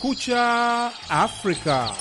Kumekucha Afrika.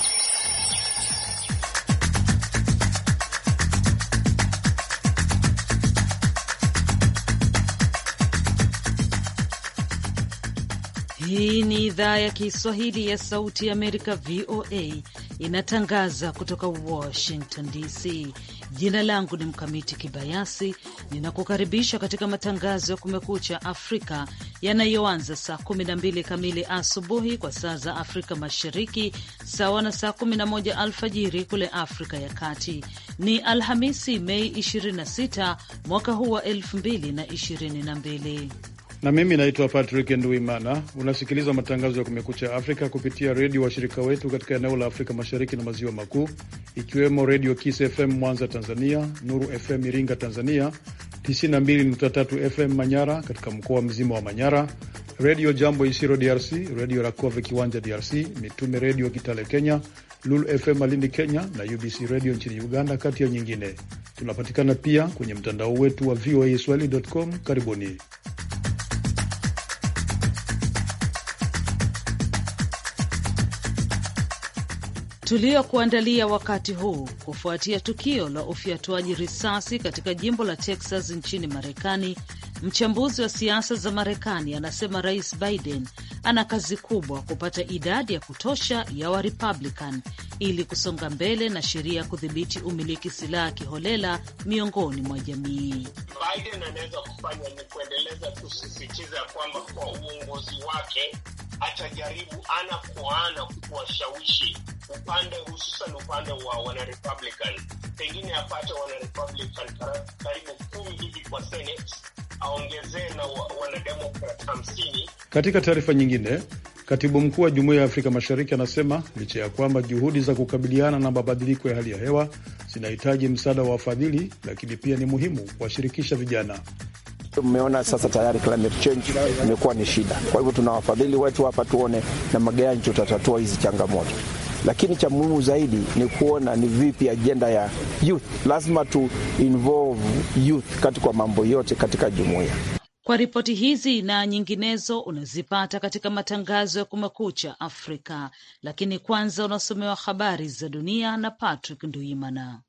Hii ni idhaa ya Kiswahili ya Sauti ya Amerika, VOA, inatangaza kutoka Washington DC. Jina langu ni Mkamiti Kibayasi, ninakukaribisha katika matangazo ya Kumekucha Afrika yanayoanza saa 12 kamili asubuhi kwa saa za Afrika Mashariki, sawa na saa 11 alfajiri kule Afrika ya Kati. Ni Alhamisi, Mei 26 mwaka huu wa 2022 na mimi naitwa Patrick Nduimana. Unasikiliza matangazo ya Kumekucha Afrika kupitia redio washirika wetu katika eneo la Afrika Mashariki na Maziwa Makuu, ikiwemo Redio Kis FM Mwanza Tanzania, Nuru FM Iringa Tanzania, 92.3 FM Manyara katika mkoa mzima wa Manyara, Redio Jambo Isiro DRC, Redio Rakove Kiwanja DRC, Mitume Redio Kitale Kenya, Lulu FM Malindi Kenya na UBC Redio nchini Uganda, kati ya nyingine. Tunapatikana pia kwenye mtandao wetu wa VOA Swahili.com. Karibuni. tuliyokuandalia wakati huu kufuatia tukio la ufyatuaji risasi katika jimbo la Texas nchini Marekani Mchambuzi wa siasa za Marekani anasema Rais Biden ana kazi kubwa kupata idadi ya kutosha ya Warepublican ili kusonga mbele na sheria ya kudhibiti umiliki silaha kiholela miongoni mwa jamii. Biden anaweza kufanya ni kuendeleza kusisitiza kwamba kwa uongozi wake atajaribu ana kwa ana kuwashawishi upande hususan upande wa wanarepublican, pengine apate wanarepublican karibu kumi hivi kwa Senate aongezee na wanademokrat hamsini. Katika taarifa nyingine, katibu mkuu wa Jumuiya ya Afrika Mashariki anasema licha ya kwamba juhudi za kukabiliana na mabadiliko ya hali ya hewa zinahitaji msaada wa wafadhili, lakini pia ni muhimu kuwashirikisha vijana. Mmeona sasa tayari climate change imekuwa ni shida, kwa hivyo tuna wafadhili wetu hapa, tuone na magani tutatatua hizi changamoto lakini cha muhimu zaidi ni kuona ni vipi ajenda ya youth. Lazima tu involve youth katika mambo yote katika jumuiya. Kwa ripoti hizi na nyinginezo unazipata katika matangazo ya Kumekucha Afrika, lakini kwanza unasomewa habari za dunia na Patrick Nduimana.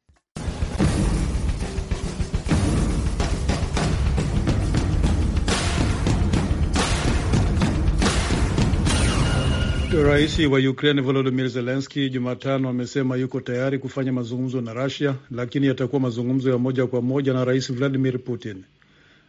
Rais wa Ukraine Volodymyr Zelensky Jumatano amesema yuko tayari kufanya mazungumzo na Russia, lakini yatakuwa mazungumzo ya moja kwa moja na Rais Vladimir Putin.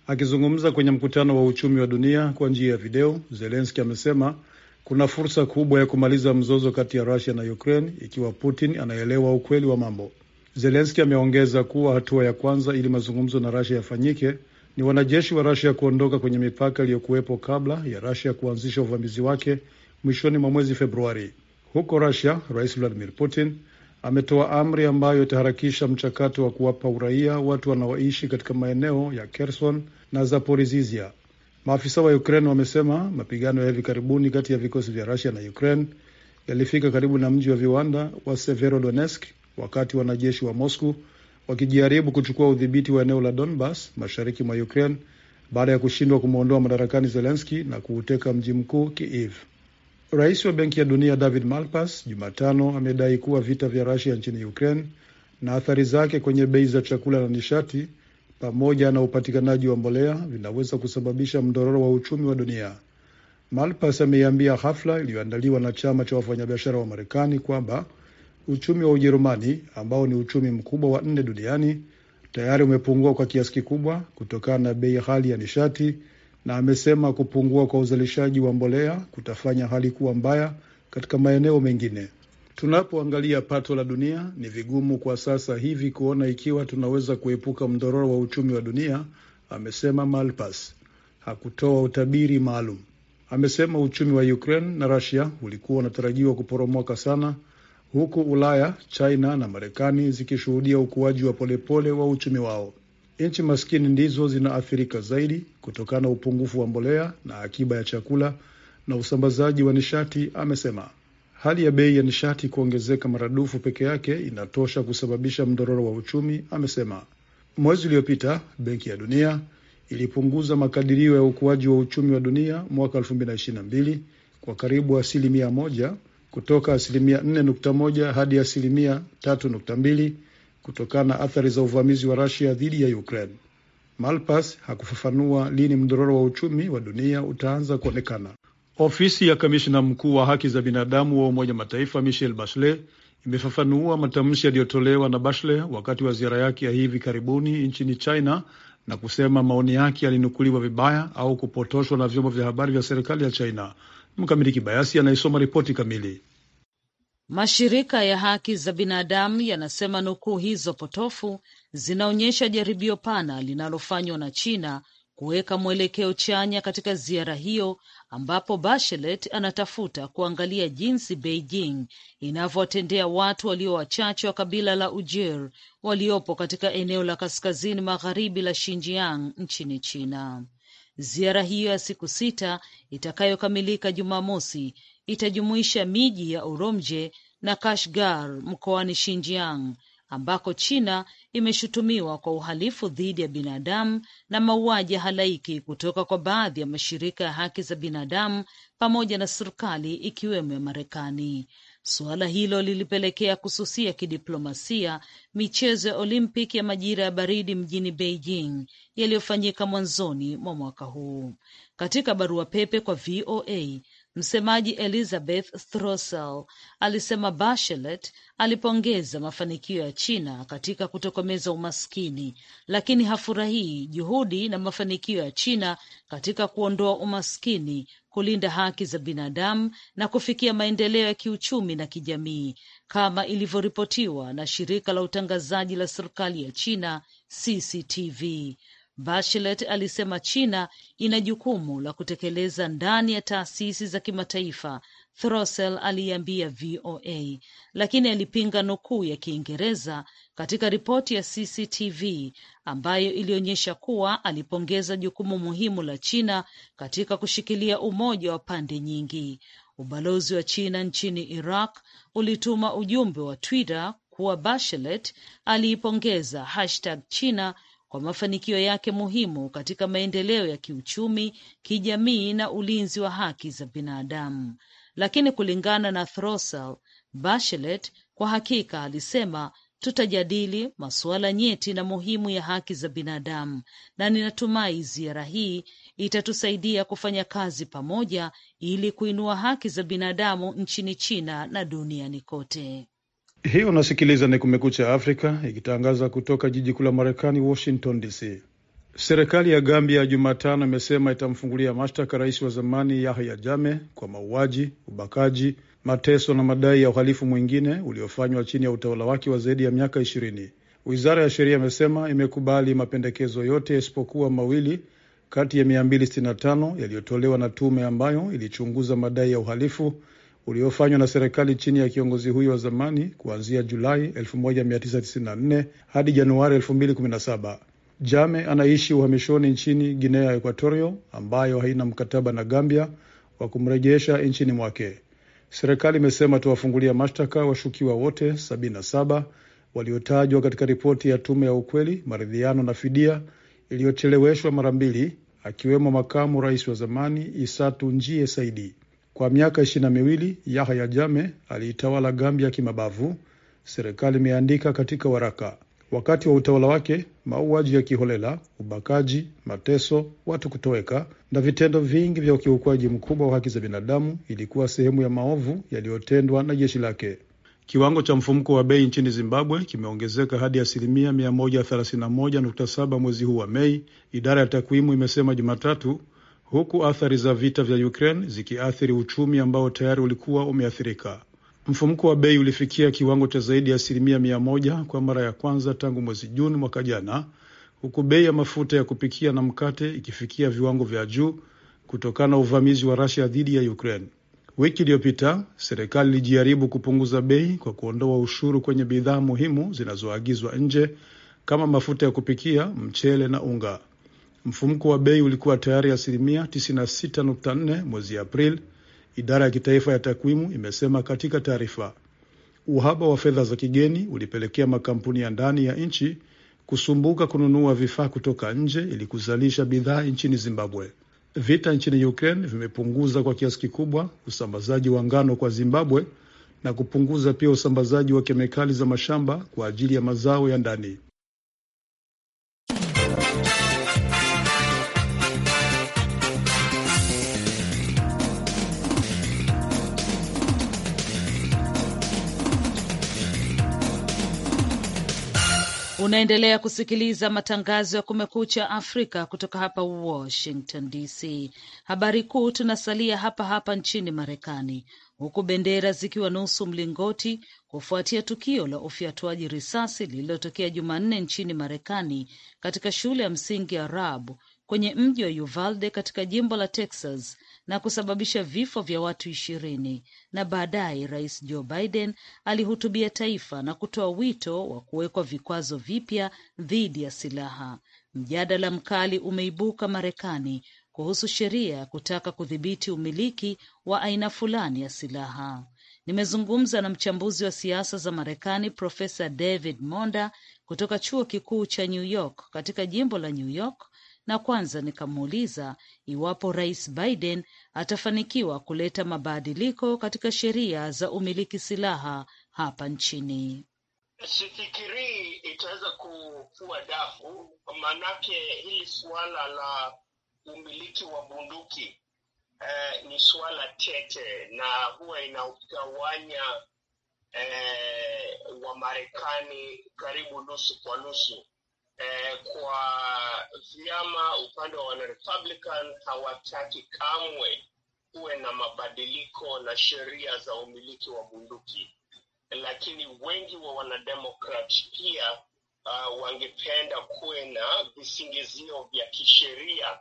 Akizungumza kwenye mkutano wa uchumi wa dunia kwa njia ya video, Zelensky amesema kuna fursa kubwa ya kumaliza mzozo kati ya Russia na Ukraine ikiwa Putin anaelewa ukweli wa mambo. Zelensky ameongeza kuwa hatua ya kwanza ili mazungumzo na Russia yafanyike ni wanajeshi wa Russia kuondoka kwenye mipaka iliyokuwepo kabla ya Russia kuanzisha uvamizi wake mwishoni mwa mwezi Februari. Huko Rusia, Rais Vladimir Putin ametoa amri ambayo itaharakisha mchakato wa kuwapa uraia watu wanaoishi katika maeneo ya Kherson na Zaporizhia. Maafisa wa Ukraine wamesema mapigano ya hivi karibuni kati ya vikosi vya Rusia na Ukraine yalifika karibu na mji wa viwanda wa Severodonetsk wakati wanajeshi wa Moscow wakijaribu kuchukua udhibiti wa eneo la Donbas mashariki mwa Ukraine baada ya kushindwa kumwondoa madarakani zelenski na kuuteka mji mkuu Kiev. Rais wa Benki ya Dunia David Malpass Jumatano amedai kuwa vita vya Rusia nchini Ukraine na athari zake kwenye bei za chakula na nishati pamoja na upatikanaji wa mbolea vinaweza kusababisha mdororo wa uchumi wa dunia. Malpass ameiambia hafla iliyoandaliwa na chama cha wafanyabiashara wa Marekani kwamba uchumi wa Ujerumani ambao ni uchumi mkubwa wa nne duniani tayari umepungua kwa kiasi kikubwa kutokana na bei ghali ya nishati na amesema kupungua kwa uzalishaji wa mbolea kutafanya hali kuwa mbaya katika maeneo mengine. Tunapoangalia pato la dunia, ni vigumu kwa sasa hivi kuona ikiwa tunaweza kuepuka mdororo wa uchumi wa dunia, amesema Malpass. Hakutoa utabiri maalum. Amesema uchumi wa Ukraine na Russia ulikuwa unatarajiwa kuporomoka sana, huku Ulaya, China na Marekani zikishuhudia ukuaji wa polepole wa uchumi wao. Nchi maskini ndizo zinaathirika zaidi kutokana na upungufu wa mbolea na akiba ya chakula na usambazaji wa nishati, amesema. Hali ya bei ya nishati kuongezeka maradufu peke yake inatosha kusababisha mdororo wa uchumi, amesema. Mwezi uliopita Benki ya Dunia ilipunguza makadirio ya ukuaji wa uchumi wa dunia mwaka 2022 kwa karibu asilimia moja kutoka asilimia 4.1 hadi asilimia 3.2 kutokana na athari za uvamizi wa Rusia dhidi ya Ukraine. Malpass hakufafanua lini mdororo wa uchumi wa dunia utaanza kuonekana. Ofisi ya kamishna mkuu wa haki za binadamu wa Umoja Mataifa michel Bachelet imefafanua matamshi yaliyotolewa na Bachelet wakati wa ziara yake ya hivi karibuni nchini China na kusema maoni yake yalinukuliwa vibaya au kupotoshwa na vyombo vya habari vya serikali ya China. Mkamili Kibayasi anaisoma ripoti kamili. Mashirika ya haki za binadamu yanasema nukuu hizo potofu zinaonyesha jaribio pana linalofanywa na China kuweka mwelekeo chanya katika ziara hiyo ambapo Bachelet anatafuta kuangalia jinsi Beijing inavyowatendea watu walio wachache wa kabila la ujer waliopo katika eneo la kaskazini magharibi la Xinjiang nchini China. Ziara hiyo ya siku sita itakayokamilika Jumamosi itajumuisha miji ya uromje na Kashgar mkoani Xinjiang ambako China imeshutumiwa kwa uhalifu dhidi ya binadamu na mauaji ya halaiki kutoka kwa baadhi ya mashirika ya haki za binadamu pamoja na serikali ikiwemo ya Marekani. Suala hilo lilipelekea kususia kidiplomasia michezo ya Olimpiki ya majira ya baridi mjini Beijing yaliyofanyika mwanzoni mwa mwaka huu. Katika barua pepe kwa VOA, Msemaji Elizabeth Throssell alisema Bachelet alipongeza mafanikio ya China katika kutokomeza umaskini, lakini hafurahii juhudi na mafanikio ya China katika kuondoa umaskini, kulinda haki za binadamu na kufikia maendeleo ya kiuchumi na kijamii, kama ilivyoripotiwa na shirika la utangazaji la serikali ya China CCTV. Bachelet alisema China ina jukumu la kutekeleza ndani ya taasisi za kimataifa, Throssell aliiambia VOA, lakini alipinga nukuu ya Kiingereza katika ripoti ya CCTV ambayo ilionyesha kuwa alipongeza jukumu muhimu la China katika kushikilia umoja wa pande nyingi. Ubalozi wa China nchini Iraq ulituma ujumbe wa Twitter kuwa Bachelet aliipongeza hashtag China kwa mafanikio yake muhimu katika maendeleo ya kiuchumi, kijamii na ulinzi wa haki za binadamu. Lakini kulingana na throsel Bachelet kwa hakika alisema tutajadili masuala nyeti na muhimu ya haki za binadamu, na ninatumai ziara hii itatusaidia kufanya kazi pamoja ili kuinua haki za binadamu nchini China na duniani kote. Hii unasikiliza ni Kumekucha Afrika ikitangaza kutoka jiji kuu la Marekani, Washington DC. Serikali ya Gambia Jumatano imesema itamfungulia mashtaka rais wa zamani Yahya Jame kwa mauaji, ubakaji, mateso na madai ya uhalifu mwingine uliofanywa chini ya utawala wake wa zaidi ya miaka ishirini. Wizara ya sheria imesema imekubali mapendekezo yote yasipokuwa mawili kati ya 265 yaliyotolewa na tume ambayo ilichunguza madai ya uhalifu uliofanywa na serikali chini ya kiongozi huyo wa zamani kuanzia Julai 1994 hadi Januari 2017. Jame anaishi uhamishoni nchini Guinea Equatorio ambayo haina mkataba na Gambia wa kumrejesha nchini mwake. Serikali imesema tuwafungulia mashtaka washukiwa wote 77 waliotajwa katika ripoti ya tume ya ukweli, maridhiano na fidia iliyocheleweshwa mara mbili, akiwemo makamu rais wa zamani Isatu Njie Saidi. Kwa miaka ishirini na miwili Yahya Jame aliitawala Gambia kimabavu, serikali imeandika katika waraka. Wakati wa utawala wake, mauaji ya kiholela, ubakaji, mateso, watu kutoweka na vitendo vingi vya ukiukwaji mkubwa wa haki za binadamu ilikuwa sehemu ya maovu yaliyotendwa na jeshi lake. Kiwango cha mfumko wa bei nchini Zimbabwe kimeongezeka hadi asilimia 131.7 mwezi huu wa Mei, idara ya takwimu imesema Jumatatu, huku athari za vita vya Ukraine zikiathiri uchumi ambao tayari ulikuwa umeathirika. mfumko wa bei ulifikia kiwango cha zaidi ya asilimia mia moja kwa mara ya kwanza tangu mwezi Juni mwaka jana, huku bei ya mafuta ya kupikia na mkate ikifikia viwango vya juu kutokana na uvamizi wa rasia dhidi ya Ukraine. Wiki iliyopita serikali ilijaribu kupunguza bei kwa kuondoa ushuru kwenye bidhaa muhimu zinazoagizwa nje kama mafuta ya kupikia, mchele na unga. Mfumko wa bei ulikuwa tayari asilimia 96.4 mwezi Aprili, idara ya kitaifa ya takwimu imesema katika taarifa. Uhaba wa fedha za kigeni ulipelekea makampuni ya ndani ya nchi kusumbuka kununua vifaa kutoka nje ili kuzalisha bidhaa nchini Zimbabwe. Vita nchini Ukraine vimepunguza kwa kiasi kikubwa usambazaji wa ngano kwa Zimbabwe na kupunguza pia usambazaji wa kemikali za mashamba kwa ajili ya mazao ya ndani. Unaendelea kusikiliza matangazo ya Kumekucha Afrika kutoka hapa Washington DC. Habari kuu, tunasalia hapa hapa nchini Marekani, huku bendera zikiwa nusu mlingoti kufuatia tukio la ufyatuaji risasi lililotokea Jumanne nchini Marekani katika shule ya msingi ya Rab kwenye mji wa Uvalde katika jimbo la Texas na kusababisha vifo vya watu ishirini na baadaye Rais Joe Biden alihutubia taifa na kutoa wito wa kuwekwa vikwazo vipya dhidi ya silaha. Mjadala mkali umeibuka Marekani kuhusu sheria ya kutaka kudhibiti umiliki wa aina fulani ya silaha. Nimezungumza na mchambuzi wa siasa za Marekani Profesa David Monda kutoka chuo kikuu cha New York katika jimbo la New York na kwanza nikamuuliza iwapo Rais Biden atafanikiwa kuleta mabadiliko katika sheria za umiliki silaha hapa nchini. Sifikirii itaweza kufua dafu, maanake hili suala la umiliki wa bunduki eh, ni suala tete na huwa inaugawanya eh, marekani karibu nusu kwa nusu eh, kwa vyama upande wa wanarepublican hawataki kamwe kuwe na mabadiliko na sheria za umiliki wa bunduki, lakini wengi wa wanademokrat pia uh, wangependa kuwe na visingizio vya kisheria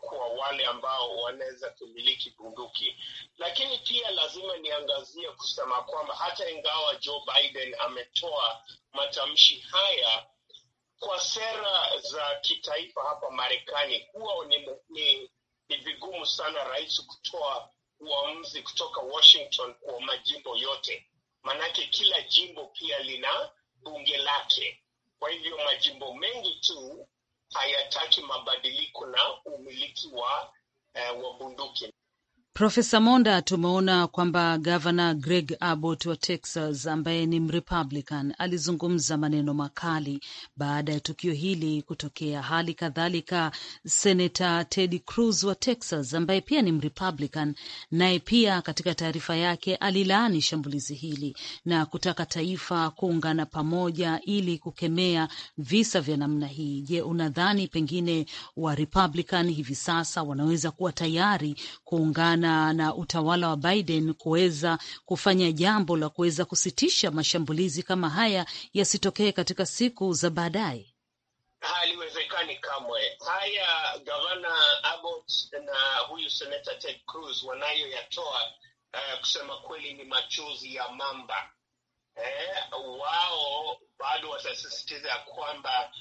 kwa wale ambao wanaweza kumiliki bunduki. Lakini pia lazima niangazie kusema kwamba hata ingawa Joe Biden ametoa matamshi haya kwa sera za kitaifa hapa Marekani huwa ni, ni, ni vigumu sana rais kutoa uamuzi kutoka Washington kwa majimbo yote, maanake kila jimbo pia lina bunge lake. Kwa hivyo majimbo mengi tu hayataki mabadiliko na umiliki wa, uh, wa bunduki. Profesa Monda, tumeona kwamba gavana Greg Abbott wa Texas ambaye ni Mrepublican alizungumza maneno makali baada ya tukio hili kutokea. Hali kadhalika senata Ted Cruz wa Texas ambaye pia ni Mrepublican, naye pia katika taarifa yake alilaani shambulizi hili na kutaka taifa kuungana pamoja ili kukemea visa vya namna hii. Je, unadhani pengine wa Republican hivi sasa wanaweza kuwa tayari kuungana na, na utawala wa Biden kuweza kufanya jambo la kuweza kusitisha mashambulizi kama haya yasitokee katika siku za baadaye? Haliwezekani kamwe. Haya gavana Abbott na huyu senata Ted Cruz wanayoyatoa, uh, kusema kweli ni machozi ya mamba. Eh, wao bado watasisitiza ya kwamba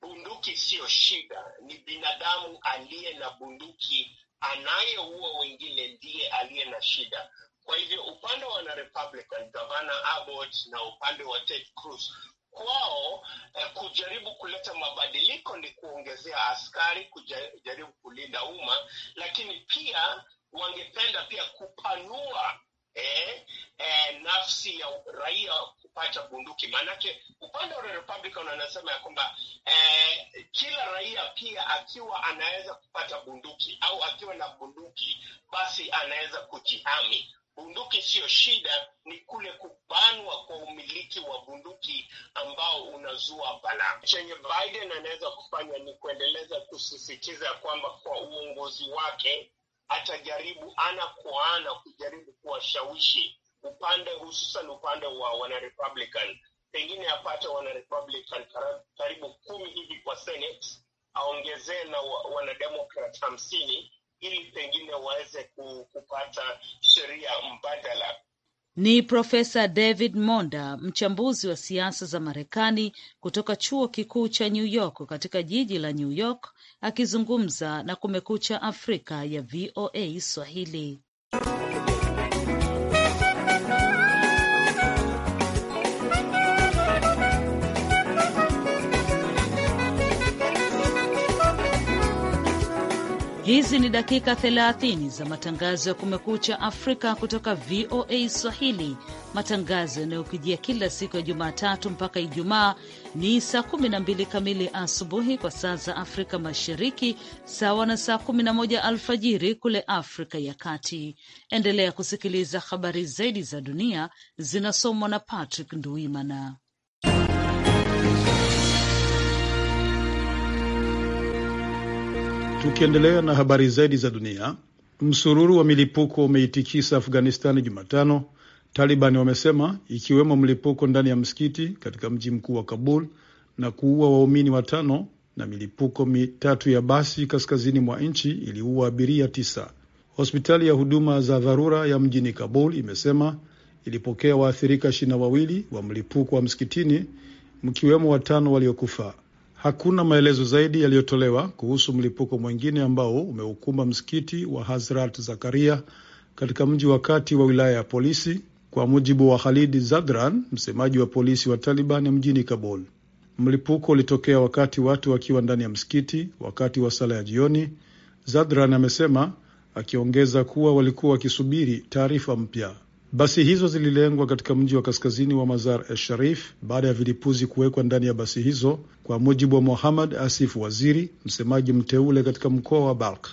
bunduki siyo shida, ni binadamu aliye na bunduki anayeua wengine ndiye aliye na shida. Kwa hivyo upande wa narepublican Republican, gavana Abbott na upande wa Ted Cruz kwao eh, kujaribu kuleta mabadiliko ni kuongezea askari, kujaribu kulinda umma, lakini pia wangependa pia kupanua eh, eh, nafsi ya raia kupata bunduki. Maanake upande wa Republican anasema ya kwamba eh, kila raia pia akiwa anaweza kupata bunduki au akiwa na bunduki, basi anaweza kujihami. Bunduki siyo shida, ni kule kubanwa kwa umiliki wa bunduki ambao unazua balaa. Chenye Biden anaweza kufanya ni kuendeleza kusisitiza kwamba kwa uongozi wake atajaribu ana kwa ana kujaribu kuwashawishi upande hususan upande wa wanarepublican pengine apate wanarepublican karibu kumi hivi kwa senate aongezee na wanademokrat hamsini ili pengine waweze kupata sheria mbadala ni Profesa David Monda, mchambuzi wa siasa za Marekani kutoka chuo kikuu cha New York katika jiji la New York, akizungumza na Kumekucha Afrika ya VOA Swahili. Hizi ni dakika 30 za matangazo ya Kumekucha Afrika kutoka VOA Swahili, matangazo yanayokujia kila siku ya Jumatatu mpaka Ijumaa. Ni saa 12 kamili asubuhi kwa saa za Afrika Mashariki, sawa na saa 11 alfajiri kule Afrika ya Kati. Endelea kusikiliza habari zaidi za dunia, zinasomwa na Patrick Nduimana. Tukiendelea na habari zaidi za dunia, msururu wa milipuko umeitikisa Afghanistani Jumatano, Talibani wamesema, ikiwemo mlipuko ndani ya msikiti katika mji mkuu wa Kabul na kuua waumini watano na milipuko mitatu ya basi kaskazini mwa nchi iliua abiria tisa. Hospitali ya huduma za dharura ya mjini Kabul imesema ilipokea waathirika ishirini na wawili wa mlipuko wa msikitini, mkiwemo watano waliokufa. Hakuna maelezo zaidi yaliyotolewa kuhusu mlipuko mwingine ambao umeukumba msikiti wa Hazrat Zakaria katika mji wa kati wa wilaya ya polisi, kwa mujibu wa Khalidi Zadran, msemaji wa polisi wa Taliban mjini Kabul. Mlipuko ulitokea wakati watu wakiwa ndani ya msikiti wakati wa sala ya jioni, Zadran amesema, akiongeza kuwa walikuwa wakisubiri taarifa mpya. Basi hizo zililengwa katika mji wa kaskazini wa Mazar e Sharif baada ya vilipuzi kuwekwa ndani ya basi hizo, kwa mujibu wa Mohamad Asif Waziri, msemaji mteule katika mkoa wa Balk.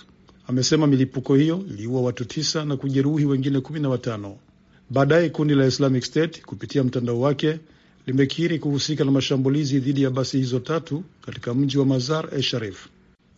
Amesema milipuko hiyo iliua watu tisa na kujeruhi wengine kumi na watano. Baadaye kundi la Islamic State kupitia mtandao wake limekiri kuhusika na mashambulizi dhidi ya basi hizo tatu katika mji wa Mazar e Sharif.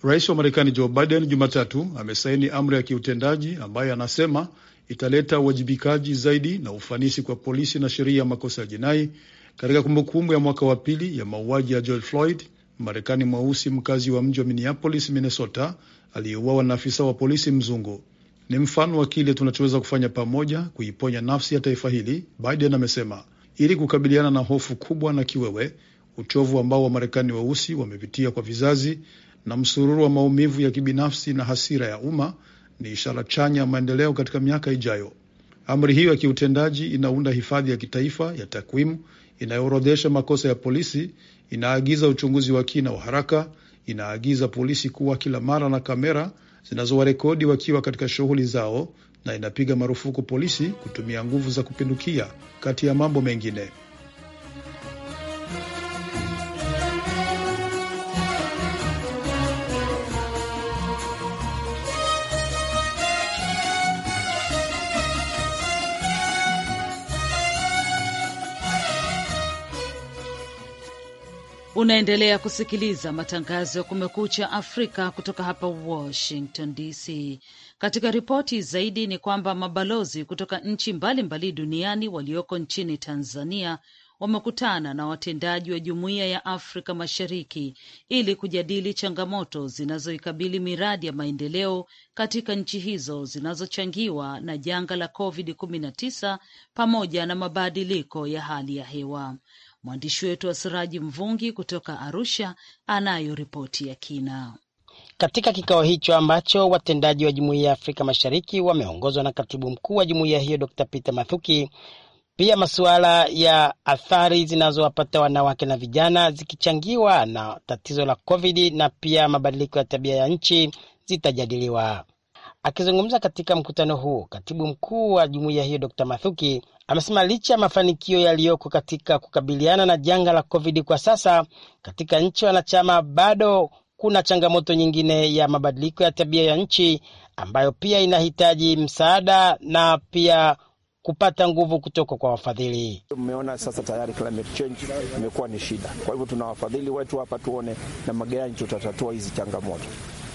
Rais wa Marekani Joe Biden Jumatatu amesaini amri ya kiutendaji ambayo anasema italeta uwajibikaji zaidi na ufanisi kwa polisi na sheria ya makosa ya jinai katika kumbukumbu ya mwaka wa pili ya mauaji ya George Floyd, Marekani mweusi mkazi wa mji wa Minneapolis, Minnesota, aliyeuawa na afisa wa polisi mzungu. Ni mfano wa kile tunachoweza kufanya pamoja kuiponya nafsi ya taifa hili, Biden amesema, ili kukabiliana na hofu kubwa na kiwewe, uchovu ambao Wamarekani weusi wamepitia kwa vizazi, na msururu wa maumivu ya kibinafsi na hasira ya umma ni ishara chanya ya maendeleo katika miaka ijayo. Amri hiyo ya kiutendaji inaunda hifadhi ya kitaifa ya takwimu inayoorodhesha makosa ya polisi, inaagiza uchunguzi wa kina wa haraka, inaagiza polisi kuwa kila mara na kamera zinazowarekodi wakiwa katika shughuli zao, na inapiga marufuku polisi kutumia nguvu za kupindukia, kati ya mambo mengine. Unaendelea kusikiliza matangazo ya Kumekucha Afrika kutoka hapa Washington DC. Katika ripoti zaidi ni kwamba mabalozi kutoka nchi mbalimbali duniani walioko nchini Tanzania wamekutana na watendaji wa Jumuiya ya Afrika Mashariki ili kujadili changamoto zinazoikabili miradi ya maendeleo katika nchi hizo zinazochangiwa na janga la COVID-19 pamoja na mabadiliko ya hali ya hewa. Mwandishi wetu wa Siraji Mvungi kutoka Arusha anayo ripoti ya kina. Katika kikao hicho ambacho watendaji wa Jumuiya ya Afrika Mashariki wameongozwa na katibu mkuu wa jumuiya hiyo Dr. Peter Mathuki, pia masuala ya athari zinazowapata wanawake na vijana zikichangiwa na tatizo la COVID na pia mabadiliko ya tabia ya nchi zitajadiliwa. Akizungumza katika mkutano huo, katibu mkuu wa jumuiya hiyo Dr. Mathuki amesema licha ya mafanikio yaliyoko katika kukabiliana na janga la COVID kwa sasa katika nchi wanachama, bado kuna changamoto nyingine ya mabadiliko ya tabia ya nchi ambayo pia inahitaji msaada na pia kupata nguvu kutoka kwa wafadhili. Mmeona sasa tayari climate change imekuwa ni shida, kwa hivyo tuna wafadhili wetu hapa, tuone na magani tutatatua hizi changamoto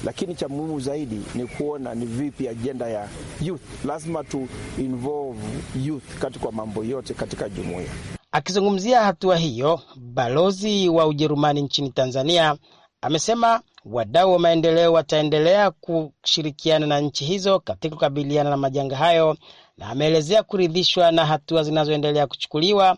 lakini cha muhimu zaidi ni kuona ni vipi ajenda ya youth. Lazima tu involve youth katika mambo yote katika jumuiya. Akizungumzia hatua hiyo, balozi wa Ujerumani nchini Tanzania amesema wadau wa maendeleo wataendelea kushirikiana na nchi hizo katika kukabiliana na majanga hayo, na ameelezea kuridhishwa na hatua zinazoendelea kuchukuliwa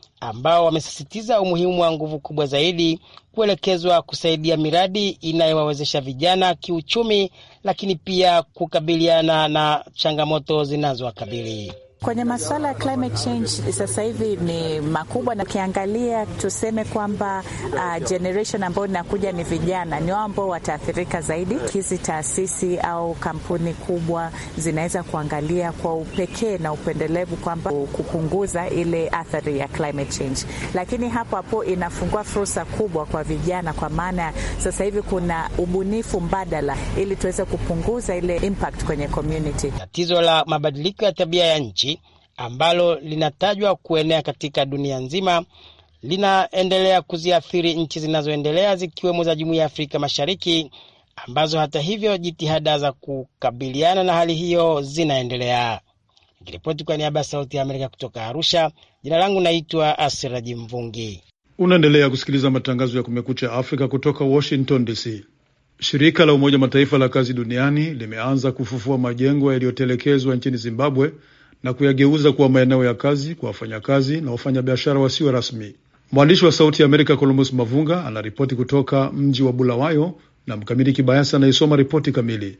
ambao wamesisitiza umuhimu wa nguvu kubwa zaidi kuelekezwa kusaidia miradi inayowawezesha vijana kiuchumi, lakini pia kukabiliana na changamoto zinazowakabili. Kwenye masuala ya climate change sasa hivi ni makubwa, na ukiangalia tuseme kwamba uh, generation ambayo inakuja ni vijana, ni wao ambao wataathirika zaidi. Hizi taasisi au kampuni kubwa zinaweza kuangalia kwa upekee na upendelevu kwamba kupunguza ile athari ya climate change, lakini hapo hapo inafungua fursa kubwa kwa vijana, kwa maana sasa hivi kuna ubunifu mbadala ili tuweze kupunguza ile impact kwenye community. Tatizo la mabadiliko ya tabia ya nchi ambalo linatajwa kuenea katika dunia nzima linaendelea kuziathiri nchi zinazoendelea zikiwemo za Jumuiya ya Afrika Mashariki ambazo hata hivyo jitihada za kukabiliana na hali hiyo zinaendelea. Nikiripoti kwa niaba ya Sauti ya Amerika kutoka Arusha, jina langu naitwa Asiraji Mvungi. Unaendelea kusikiliza matangazo ya Kumekucha Afrika kutoka Washington DC. Shirika la Umoja Mataifa la Kazi Duniani limeanza kufufua majengo yaliyotelekezwa nchini Zimbabwe na kuyageuza kuwa maeneo ya kazi kwa wafanyakazi na wafanyabiashara wasio rasmi. Mwandishi wa Sauti ya Amerika Columbus Mavunga anaripoti kutoka mji wa Bulawayo na mkamili Kibayasi anaisoma ripoti kamili.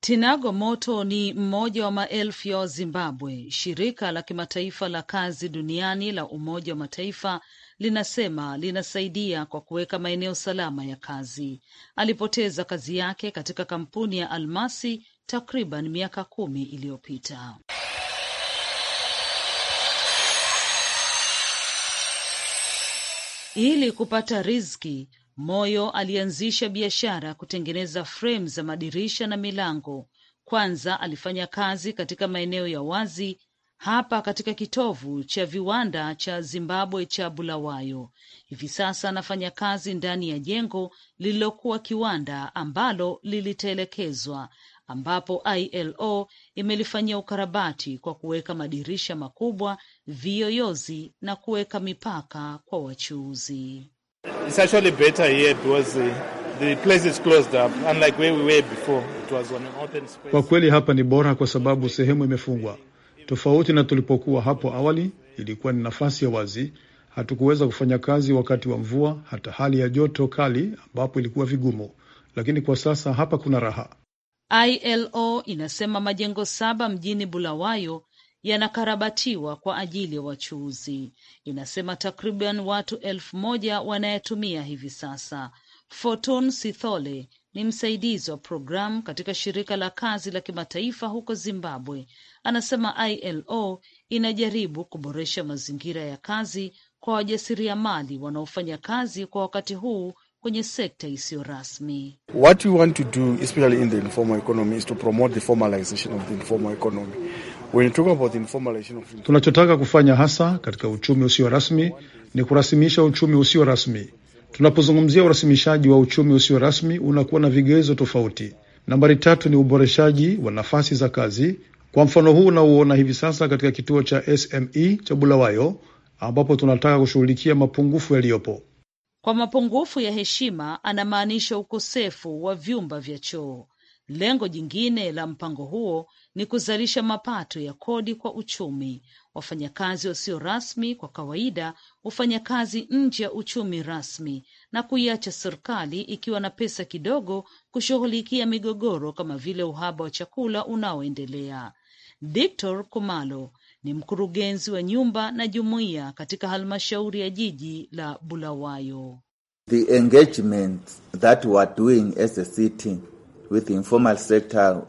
Tinago Moto ni mmoja wa maelfu ya Wazimbabwe. Shirika la kimataifa la kazi duniani la Umoja wa Mataifa linasema linasaidia kwa kuweka maeneo salama ya kazi. Alipoteza kazi yake katika kampuni ya almasi takriban miaka kumi iliyopita. Ili kupata riziki, Moyo alianzisha biashara ya kutengeneza fremu za madirisha na milango. Kwanza alifanya kazi katika maeneo ya wazi hapa katika kitovu cha viwanda cha Zimbabwe cha Bulawayo. Hivi sasa anafanya kazi ndani ya jengo lililokuwa kiwanda ambalo lilitelekezwa ambapo ILO imelifanyia ukarabati kwa kuweka madirisha makubwa, viyoyozi na kuweka mipaka kwa wachuuzi. Kwa kweli hapa ni bora kwa sababu sehemu imefungwa, tofauti na tulipokuwa hapo awali. Ilikuwa ni nafasi ya wazi, hatukuweza kufanya kazi wakati wa mvua, hata hali ya joto kali ambapo ilikuwa vigumu, lakini kwa sasa hapa kuna raha. ILO inasema majengo saba mjini Bulawayo yanakarabatiwa kwa ajili ya wachuuzi. Inasema takriban watu elfu moja wanayatumia hivi sasa. Fortune Sithole ni msaidizi wa programu katika shirika la kazi la kimataifa huko Zimbabwe. Anasema ILO inajaribu kuboresha mazingira ya kazi kwa wajasiriamali wanaofanya kazi kwa wakati huu kwenye sekta isiyo rasmi. What we want to do especially in the informal economy is to promote the formalization of the informal economy. When you talk about the formalization of... tunachotaka kufanya hasa katika uchumi usio rasmi ni kurasimisha uchumi usio rasmi. Tunapozungumzia urasimishaji wa uchumi usio rasmi unakuwa na vigezo tofauti. Nambari tatu ni uboreshaji wa nafasi za kazi. Kwa mfano huu unauona hivi sasa katika kituo cha SME cha Bulawayo ambapo tunataka kushughulikia mapungufu yaliyopo. Kwa mapungufu ya heshima anamaanisha ukosefu wa vyumba vya choo. Lengo jingine la mpango huo ni kuzalisha mapato ya kodi kwa uchumi. Wafanyakazi wasio rasmi kwa kawaida hufanya kazi nje ya uchumi rasmi na kuiacha serikali ikiwa na pesa kidogo kushughulikia migogoro kama vile uhaba wa chakula unaoendelea. Victor Kumalo ni mkurugenzi wa nyumba na jumuiya katika halmashauri ya jiji la Bulawayo. The engagement that we are doing as a city with the informal sector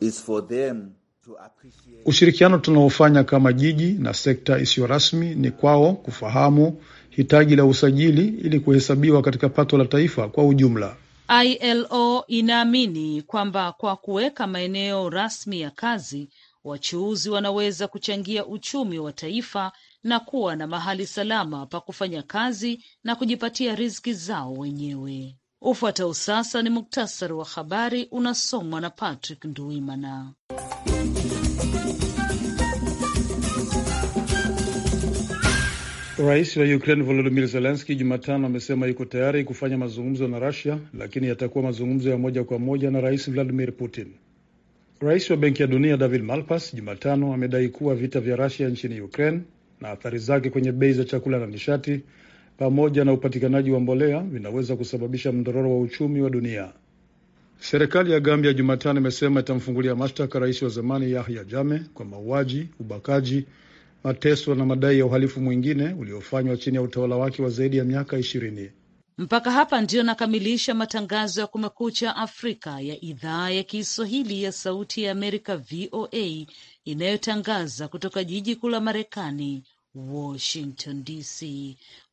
is for them to appreciate... Ushirikiano tunaofanya kama jiji na sekta isiyo rasmi ni kwao kufahamu hitaji la usajili ili kuhesabiwa katika pato la taifa kwa ujumla. ILO inaamini kwamba kwa kuweka maeneo rasmi ya kazi wachuuzi wanaweza kuchangia uchumi wa taifa na kuwa na mahali salama pa kufanya kazi na kujipatia riziki zao wenyewe. Ufuatao sasa ni muktasari wa habari unasomwa na Patrick Nduimana. Rais wa Ukraine Volodimir zelenski Jumatano amesema yuko tayari kufanya mazungumzo na rasia lakini yatakuwa mazungumzo ya moja kwa moja na Rais Vladimir Putin. Rais wa Benki ya Dunia David Malpass Jumatano amedai kuwa vita vya Rusia nchini Ukraine na athari zake kwenye bei za chakula na nishati pamoja na upatikanaji wa mbolea vinaweza kusababisha mdororo wa uchumi wa dunia. Serikali ya Gambia Jumatano imesema itamfungulia mashtaka rais wa zamani Yahya jame kwa mauaji, ubakaji, mateso na madai ya uhalifu mwingine uliofanywa chini ya utawala wake wa zaidi ya miaka ishirini. Mpaka hapa ndio nakamilisha matangazo ya Kumekucha Afrika ya idhaa ya Kiswahili ya Sauti ya Amerika, VOA, inayotangaza kutoka jiji kuu la Marekani, Washington DC.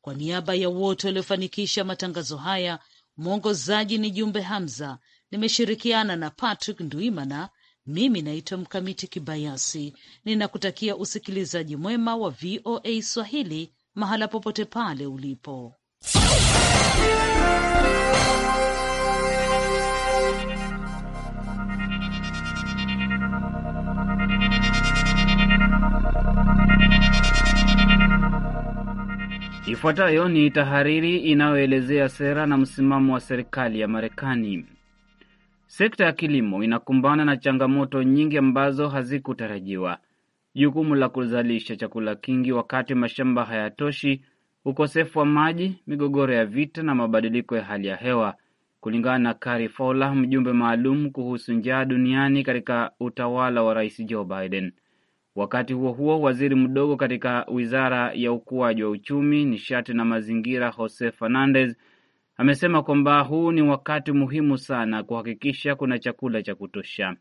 Kwa niaba ya wote waliofanikisha matangazo haya, mwongozaji ni Jumbe Hamza, nimeshirikiana na Patrick Nduimana. Mimi naitwa Mkamiti Kibayasi, ninakutakia usikilizaji mwema wa VOA Swahili mahala popote pale ulipo. Ifuatayo ni tahariri inayoelezea sera na msimamo wa serikali ya Marekani. Sekta ya kilimo inakumbana na changamoto nyingi ambazo hazikutarajiwa: jukumu la kuzalisha chakula kingi wakati mashamba hayatoshi, ukosefu wa maji, migogoro ya vita na mabadiliko ya hali ya hewa. Kulingana na Kari Fowler, mjumbe maalum kuhusu njaa duniani katika utawala wa Rais Joe Biden, Wakati huo huo, waziri mdogo katika wizara ya ukuaji wa uchumi, nishati na mazingira, Jose Fernandez amesema kwamba huu ni wakati muhimu sana kuhakikisha kuna chakula cha kutosha.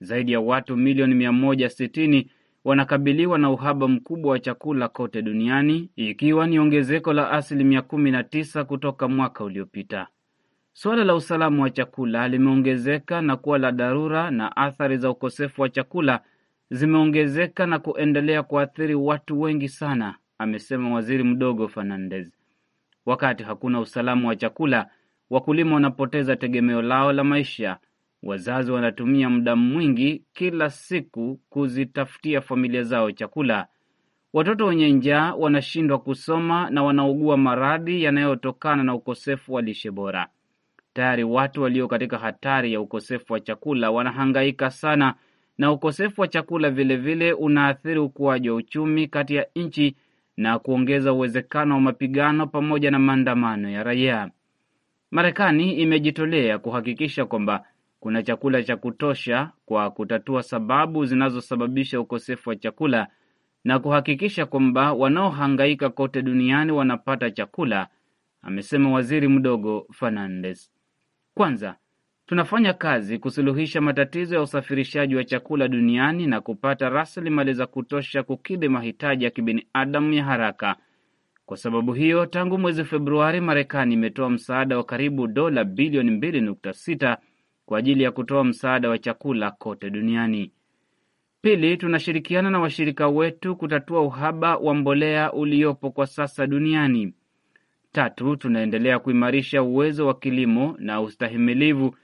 Zaidi ya watu milioni 160 wanakabiliwa na uhaba mkubwa wa chakula kote duniani, ikiwa ni ongezeko la asilimia 19 kutoka mwaka uliopita. Suala la usalama wa chakula limeongezeka na kuwa la dharura, na athari za ukosefu wa chakula zimeongezeka na kuendelea kuathiri watu wengi sana, amesema waziri mdogo Fernandez. Wakati hakuna usalama wa chakula, wakulima wanapoteza tegemeo lao la maisha. Wazazi wanatumia muda mwingi kila siku kuzitafutia familia zao chakula. Watoto wenye njaa wanashindwa kusoma na wanaugua maradhi yanayotokana na ukosefu wa lishe bora. Tayari watu walio katika hatari ya ukosefu wa chakula wanahangaika sana na ukosefu wa chakula vilevile unaathiri ukuaji wa uchumi kati ya nchi na kuongeza uwezekano wa mapigano pamoja na maandamano ya raia. Marekani imejitolea kuhakikisha kwamba kuna chakula cha kutosha kwa kutatua sababu zinazosababisha ukosefu wa chakula na kuhakikisha kwamba wanaohangaika kote duniani wanapata chakula, amesema waziri mdogo Fernandes. Kwanza, Tunafanya kazi kusuluhisha matatizo ya usafirishaji wa chakula duniani na kupata rasilimali za kutosha kukidhi mahitaji ya kibinadamu ya haraka. Kwa sababu hiyo, tangu mwezi Februari, Marekani imetoa msaada wa karibu dola bilioni 2.6 kwa ajili ya kutoa msaada wa chakula kote duniani. Pili, tunashirikiana na washirika wetu kutatua uhaba wa mbolea uliopo kwa sasa duniani. Tatu, tunaendelea kuimarisha uwezo wa kilimo na ustahimilivu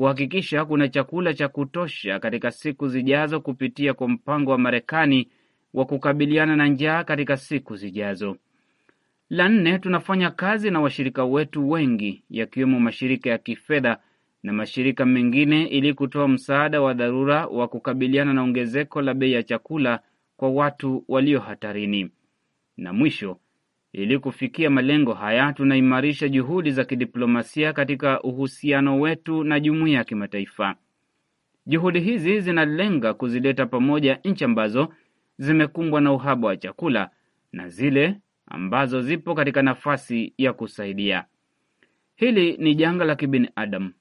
kuhakikisha kuna chakula cha kutosha katika siku zijazo kupitia kwa mpango wa Marekani wa kukabiliana na njaa katika siku zijazo. La nne, tunafanya kazi na washirika wetu wengi yakiwemo mashirika ya kifedha na mashirika mengine ili kutoa msaada wa dharura wa kukabiliana na ongezeko la bei ya chakula kwa watu walio hatarini. Na mwisho ili kufikia malengo haya, tunaimarisha juhudi za kidiplomasia katika uhusiano wetu na jumuiya ya kimataifa. Juhudi hizi zinalenga kuzileta pamoja nchi ambazo zimekumbwa na uhaba wa chakula na zile ambazo zipo katika nafasi ya kusaidia. Hili ni janga la kibinadamu,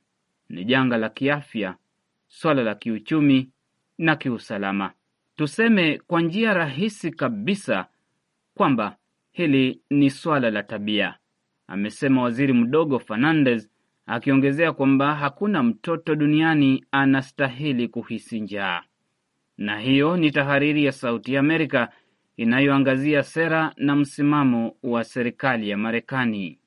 ni janga la kiafya, swala la kiuchumi na kiusalama. Tuseme kwa njia rahisi kabisa kwamba Hili ni suala la tabia, amesema Waziri Mdogo Fernandes, akiongezea kwamba hakuna mtoto duniani anastahili kuhisi njaa. Na hiyo ni tahariri ya Sauti ya Amerika inayoangazia sera na msimamo wa serikali ya Marekani.